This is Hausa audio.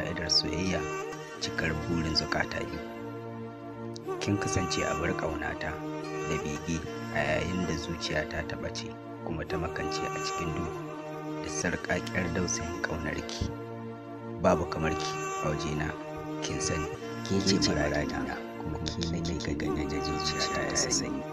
fa'idar soyayya cikar burin zukata biyu kin kasance a bar ƙaunata da bege a yayin da zuciyata ta ɓace kuma ta makance a cikin duhu da sarƙaƙiyar dausayin ki. babu kamar ki a wajena kin sani ke ce kuma ki nake ganin da zuciyata ta sanyi